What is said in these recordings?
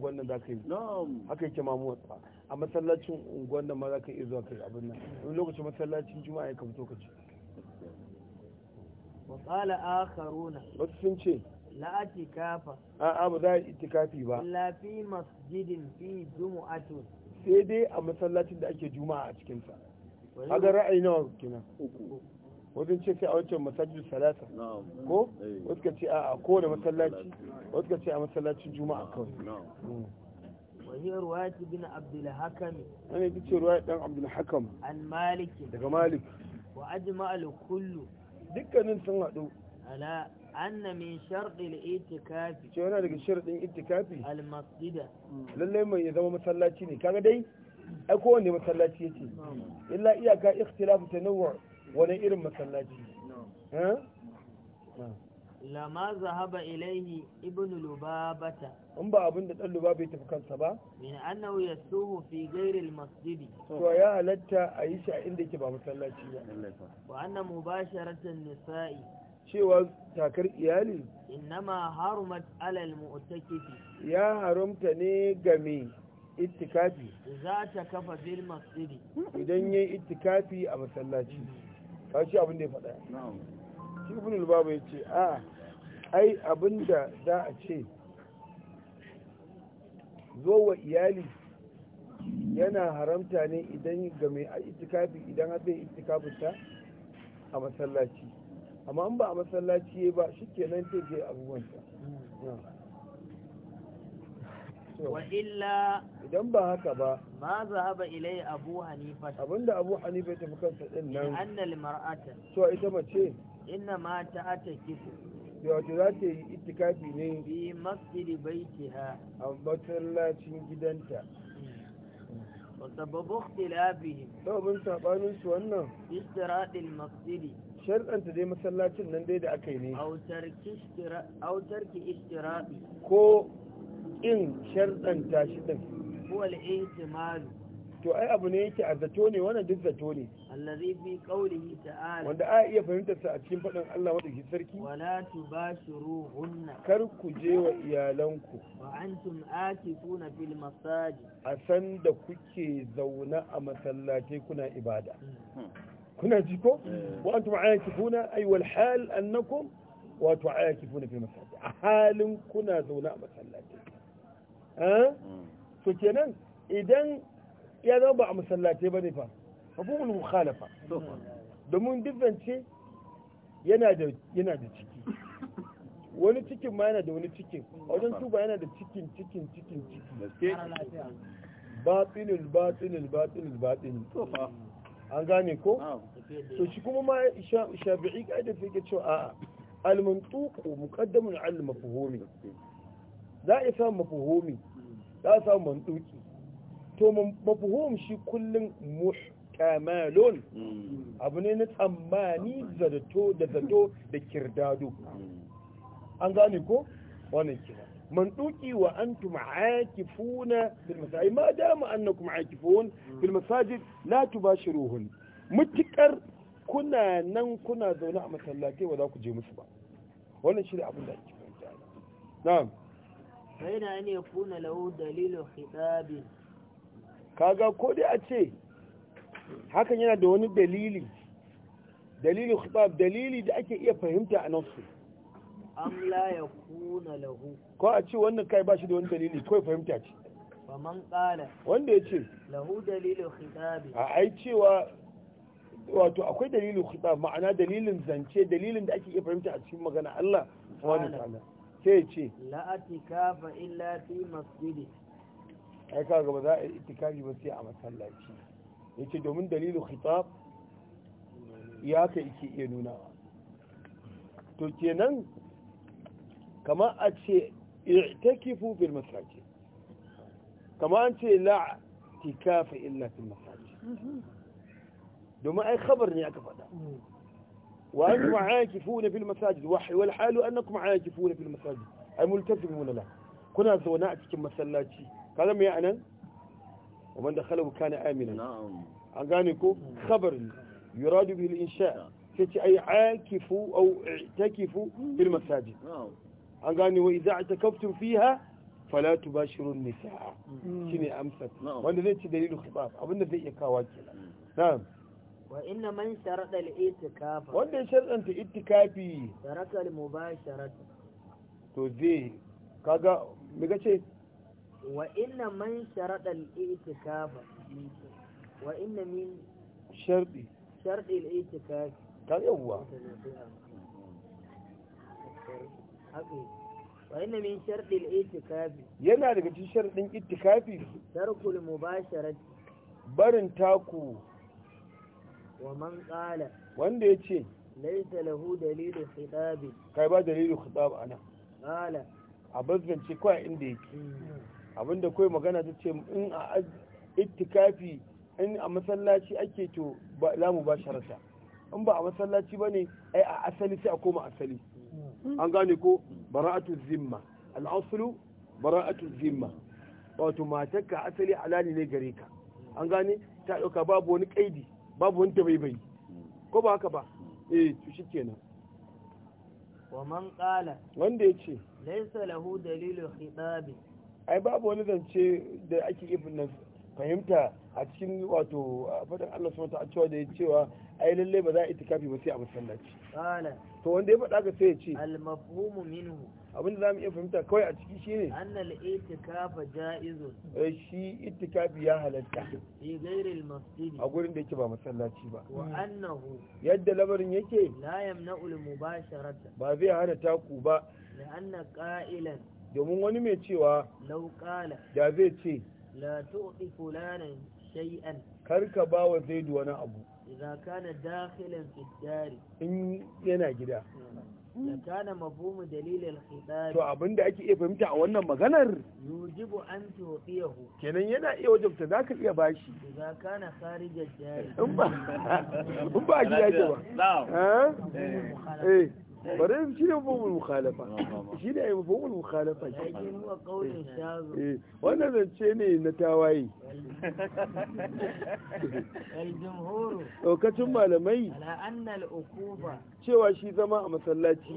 unguwan nan ka yi haka yake ma mu a masallacin unguwan nan ma ka iya zuwa kai abin nan wani lokacin masallacin juma'a ya kamto ka ci wa a karuna wasu sun ce la atikafa a a ba za a itikafi ba la fi masjidin fi jumu'atun sai dai a masallacin da ake juma'a a cikinsa. A ga ra'ayi nawa kenan wajen ce sai a wancan masajin salata ko eh. wasu ka ce a a kowane masallaci wasu ka ce a masallacin juma'a kawai hmm. wahiyar ruwati bin abdulhakam wani ita ce ruwati dan abdulhakam an daga malik wa ajma al kullu dukkanin sun hadu ala anna min sharɗi da itikafi ce wani daga sharɗin itikafi al masjida hmm. lallai mai ya zama masallaci ne kaga dai ai kowane masallaci yake illa iyaka ta tanawwu wani irin masallaci eh? lama zahaba ilaihi ibnu lubabata in ba abin da dan lubaba ya tafi kansa ba min annahu yasuhu fi ghairi almasjid to ya halatta a yi shi a inda yake ba masallaci ba wa anna mubasharatan nisa'i cewa takar iyali innama harumat ala almu'takifi ya haramta ne game ittikafi za ta kafa bil masjid idan yayi ittikafi a masallaci mm. kashi abin da ya faɗa shi ibn al-baba ya ce a ai abin da za a ce zo wa iyali yana haramta ne idan ga mai itikafi idan a zai itikafin ta a masallaci amma an ba a masallaci ba shikenan take abubuwan ta wa illa idan ba haka ba ma zahaba ilai abu hanifa abinda abu hanifa ya tafi kansa din nan annal mar'ata to ita mace inna ma ta'ata kifu wato za ta yi itikafi ne bi masjidi ha. a matsalacin gidanta wasababu ikhtilafihim sababin sabanin su wannan Istiraɗin masjidi sharɗanta dai masallacin nan dai da aka yi ne autarki istiraɗi. ko ƙin sharɗanta shi ɗin huwal ihtimal to ai abu ne yake a zato ne wannan duk zato ne allazi bi qawlihi ta'ala wanda a iya fahimtar sa a cikin faɗin Allah madaukakin sarki wala tu tubashiruhunna kar ku je wa iyalanku wa antum akifuna fil masajid a san da kuke zauna a masallatai kuna ibada hmm. kuna ji ko hmm. wa antum akifuna ay wal hal annakum wa tu'akifuna fil masajid a halin kuna zauna a masallatai Eh? Hmm. to kenan idan ya zama ba a masallatai ba ne fa hukumul mukhalafa domin dubance yana da yana da ciki wani cikin ma yana da wani cikin wajen tuba yana da cikin cikin cikin ciki batinul batinul batinul batinul an gane ko to shi kuma ma shabi'i kaida sai yake cewa a'a al-mantuq muqaddamun al mafhumi za a samu mafhumi za samu mantuki to mafuhum shi kullum muhtamalun mm. abu ne na tsammani zato da zato da kirdado mm. an gane ko wannan kira mantuki wa an antum aakifuna bil masajid ma dama annakum aakifun mm. bil masajid la tubashiruhun mutikar kuna nan kuna zaune a masallatai ba za ku je musu ba wannan shi ne abin da ake fahimta na'am kaga ko dai a ce hakan yana da wani dalili dalilin khitab dalili da ake iya fahimta a nafsu am la yakuna lahu ko a ce wannan kai ba shi da wani dalili ko fahimta ce faman kala wanda yace lahu dalilu khitab a ai cewa wato akwai dalilin khitab ma'ana dalilin zance dalilin da ake iya fahimta a cikin magana Allah subhanahu wa ta'ala sai ce la'atikafa illa fi masjidi ai ka ga ba za a itikafi ba sai a masallaci yace domin dalilu khitab ya ka yake iya nuna to kenan kama a ce i'takifu bil masajid kama an ce la'atikafa illa fi masajid mhm. domin ai khabar ne aka faɗa mm. وأنتم عاكفون في المساجد والحال أنكم عاكفون في المساجد أي ملتزمون له كنا زونا أتكم مسلاتي كذا ما يعني ومن دخله كان آمنا نعم أنقانيكو خبر يراد به الإنشاء أي عاكفوا أو اعتكفوا في المساجد نعم. أغاني وإذا اعتكفتم فيها فلا تباشروا النساء شنو امثل نعم. وأنا ذي دليل الخطاب أبنى ذي يكاواكي نعم wa inna man sharada al-itikaf wanda ya sharadanta itikafi taraka al-mubasharat to zai kaga me kace wa inna man sharada al-itikaf wa inna min sharadi sharadi al-itikaf ta yawa wa min من شرط الاعتكاف yana daga cikin sharadin ittikafi tarkul mubasharati barin taku wa man qala wanda yace laita lahu dalilu khitabi kai ba dalilu khitab ana qala a bazance kawai inda yake abinda kawai magana ta ce in a ittikafi in a masallaci ake to za mu ba in ba a masallaci bane ai a asali sai a koma asali an gane ko bara'atu zimma al'asulu bara'atu zimma wato matarka asali halali ne gare ka an gane ta ɗauka babu wani kaidi babu wanda bai bai ko ba haka ba hmm. eh to shikenan wa man qala wanda yace laysa lahu dalilu khitabi ai babu wani zance da ake ibn fahimta a cikin wato fadan Allah subhanahu wa ta'ala da ya cewa ai lalle ba za a itikafi ba sai a masallaci qala to wanda ya faɗa ka sai ya ce al mafhumu minhu abin da za mu iya fahimta kawai a ciki shine annal itikafa jaizun eh shi itikafi ya halatta fi ghairil masjid a gurin da yake ba masallaci ba wa annahu yadda labarin yake la yamna'ul mubasharata ba zai hana taku ba la anna qa'ilan domin wani mai cewa law qala da zai ce la tu'ti fulanan shay'an karka ba wa zaidu wani abu idza kana dakhilan fi dari in yana gida hmm. lakana mm. dalilin dalilil khidab to abinda ake iya fahimta a wannan maganar yujibu an tuqiyahu kenan yana iya wajabta zaka iya bashi idza kana kharija jari in ba ba gida ba eh bari shi ne mafhumul mukhalafa shi ne ai mafhumul mukhalafa shi eh, wannan zance ne na tawaye daukacin malamai cewa shi zama a masallaci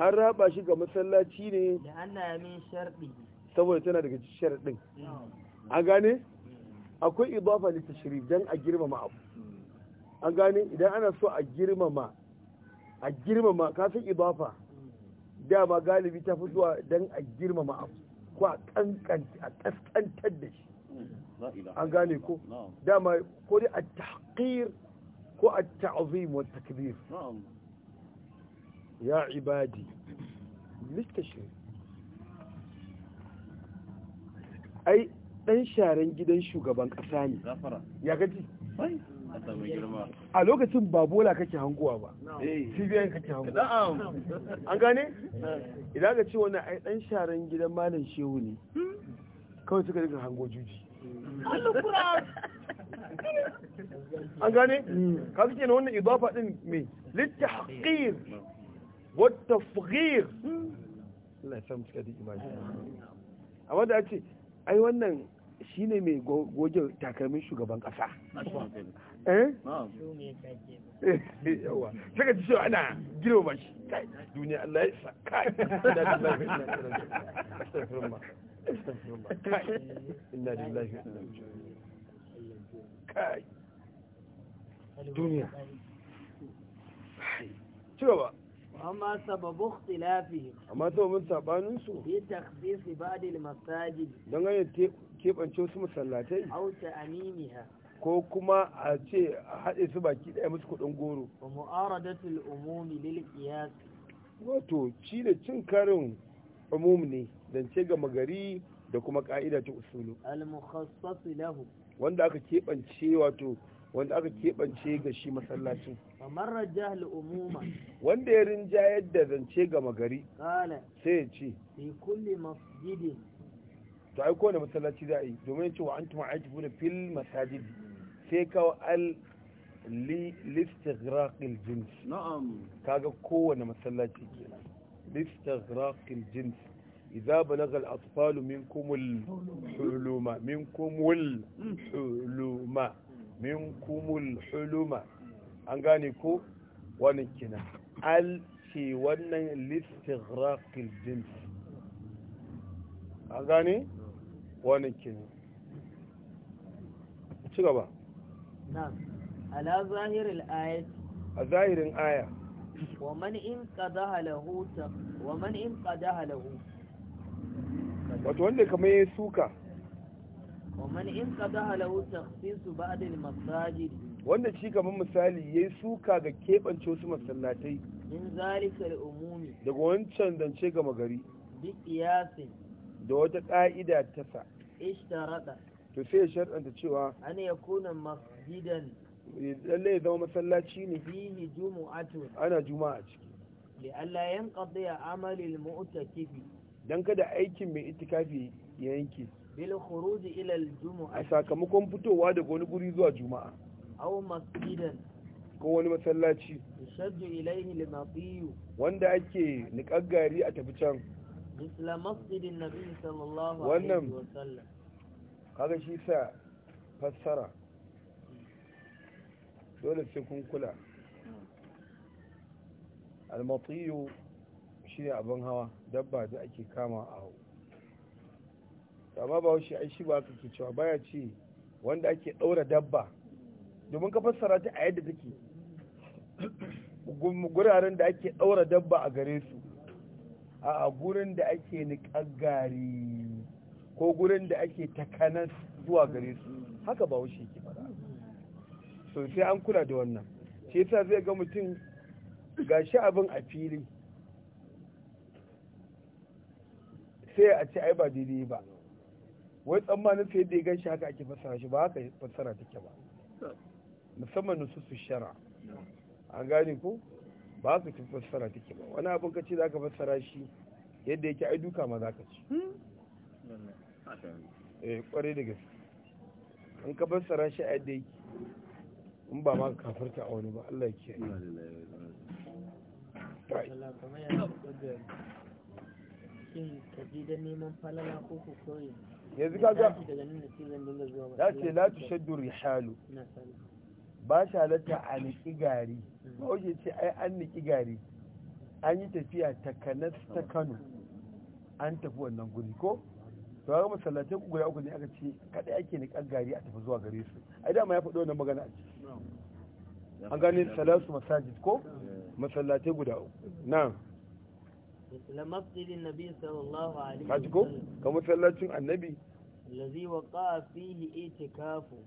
an raba shi ga masallaci ne saboda tana daga sharɗin. A gane akwai idafa littashiri don a girmama abu an gane idan ana so a girmama a girmama kafin ibafa dama galibi ta fi zuwa don a girmama abu ko a kankanta a kaskantar da shi an gane ko dama ko dai a taƙir ko a ta'azi wa takbir ya ibadi shi ai dan sharen gidan shugaban kasa ne ya gaji a lokacin ba bola kake hankuwa ba eh. cibiyan kake hankuwa. an gane eh. idan ka ce wani ai dan sharan gidan malam shehu ne kawai suka rika hango juji an gane ka suke na wannan idafa din mai litta haƙir wata fugir Allah ya samu da imani a wanda a ce ai wannan shi ne mai goge takalmin shugaban kasa eh yawa saka ana girma ba shi duniya Allah ya kai kai duniya amma sababu ikhtilafihim amma domin sabanin su bi takhsis ba'd al-masajid dan ga kebance wasu masallatai au ta'mimiha ko kuma a ce a haɗe su baki ɗaya musu kuɗin goro wa mu'aradatul umumi lil qiyas wato ci da cin karin umum ne ce ga magari da kuma ka'ida ta usulu al-mukhassas lahu wanda aka kebance wato wanda aka keɓance ga shi masallacin kamar rajahal umuma wanda ya rinja da zance gama gari sai ya ce fi kulli masjidin to ai kowane masallaci za a yi domin cewa an tuma aiki bude fil masajid sai kawo al listighraqil jins na'am kaga kowane masallaci kenan listighraqil jins idza balagha al-atfal minkum al-huluma minkum al-huluma minkum al-huluma an gane ko wani kina al ce wannan listighraqil jins an gane wani kina ci gaba na'am ala a zahirin aya wa man in qadaha lahu wa man in wato wanda kamar ya suka wa man in qadaha lahu su ba da masajid wanda shi kamar misali ya yi suka ga keɓance wasu masallatai min zalikar umumi daga wancan dance gama gari Duk qiyasin da wata ƙa'ida ta sa ishtarada to sai ya sharɗanta cewa an kuna masjidan lalle ya zama masallaci ne fihi jumu'atu ana juma'a ciki li alla yanqadi amali al kifi? dan kada aikin mai itikafi ya yanke bil khuruj ila al-jumu'a sakamakon fitowa daga wani guri zuwa juma'a aw masjidan ko wani masallaci yashaddu ilayhi limatiyu wanda ake niƙaggari a tafi can misla masjidin nabi sallallahu alaihi wasallam kaga shi sa fassara dole sai kun kula almatiyu shi ne abin hawa dabba da ake kama a hau amma ba shi ai shi ba ke cewa baya ce wanda ake ɗaura dabba domin ka fassara ta a yadda take guraren da ake ɗaura dabba a gare su a gurin da ake niƙar gari ko gurin da ake takanas zuwa gare su haka ba wuce ke fara so sai an kula da wannan shi yasa zai ga mutum gashi abin a fili sai a ce ai ba daidai ba wai tsammanin sai da ya gan shi haka ake fassara shi ba haka fassara take ba musamman nususu shara an gane ko ba su fi fassara take ba wani abin ka ce za ka fassara shi yadda yake ai duka ma za ka ci hmm? eh kware da gaske in ka fassara shi a yadda yake in ba ma kafarta a wani ba Allah ke yi ya ce la shaddu rihalu ba shi halatta a niki gari ba oge ce ai an niki gari an yi tafiya kanar ta kano an tafi wannan guri ko to ga masallatai guda uku ne aka ce kada ake nikan gari a tafi zuwa gare su ai dama ya faɗo wannan magana a ciki an gane salatu masajid ko masallatai guda uku na'am lamasjidin nabi sallallahu alaihi wasallam ko kamar masallacin annabi الذي وقع فيه اعتكافه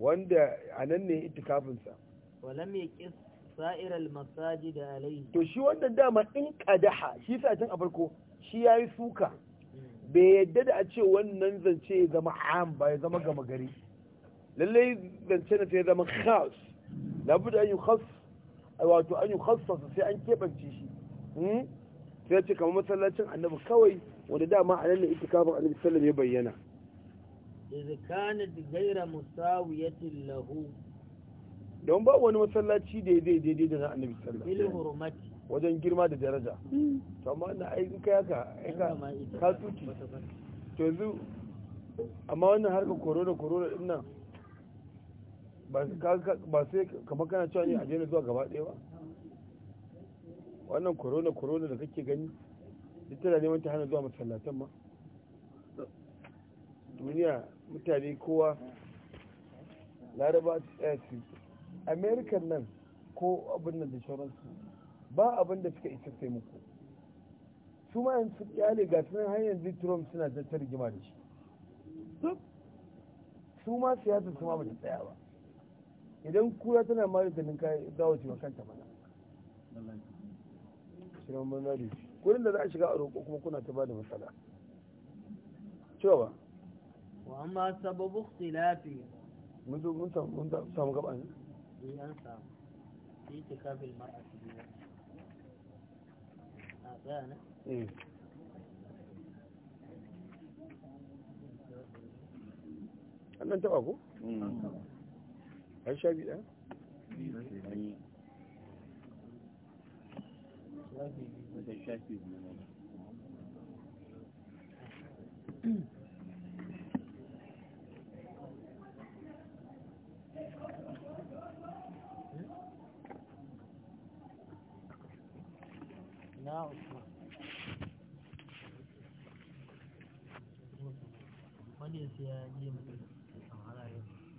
wanda a nan ne itikafinsa walam ya ƙi sa'ir al-masaji da alayhi to shi wanda dama in ƙadaha shi sa can a farko shi ya yi suka hmm. bai yadda da a ce wannan zance ya zama am ba ya zama gama gari lallai zance na ta zama khas labu da an yi khas wato an yi khasasa sai an keɓance shi hmm? sai ce kamar masallacin annabi kawai wanda dama a nan ne itikafin annabi sallam ya bayyana إذ كانت غير مساوية له don ba wani masallaci da ya daidai da na annabi sallallahu alaihi wajen girma da daraja to amma na ai in kai haka ai ka ka tuki to yanzu amma wannan harka corona corona din nan ba sai kamar kana cewa ne a daina zuwa gaba ɗaya ba wannan corona corona da kake gani duk tana neman ta hana zuwa masallatan ma duniya mutane kowa laraba ce amerikan nan ko abin da da shawararsu ba abin da suka isa sai muku su ma yanzu ne ga sunan hanyar zai trump suna tattar rigima da shi su ma siyasar su ma ba ta tsaya ba idan kura tana mara da ninka gawa ce kanta mana shirin da da za a shiga a roƙo kuma kuna ta ba da matsala cewa وأما سبب اختلافي منذ منذ منذ سام قبل إيه أنا سام في اعتكاف المرأة في الوقت أنا إيه أنا أنت أبو هل شايف الآن؟ شايف شايف نعم wani ya siya yi mutum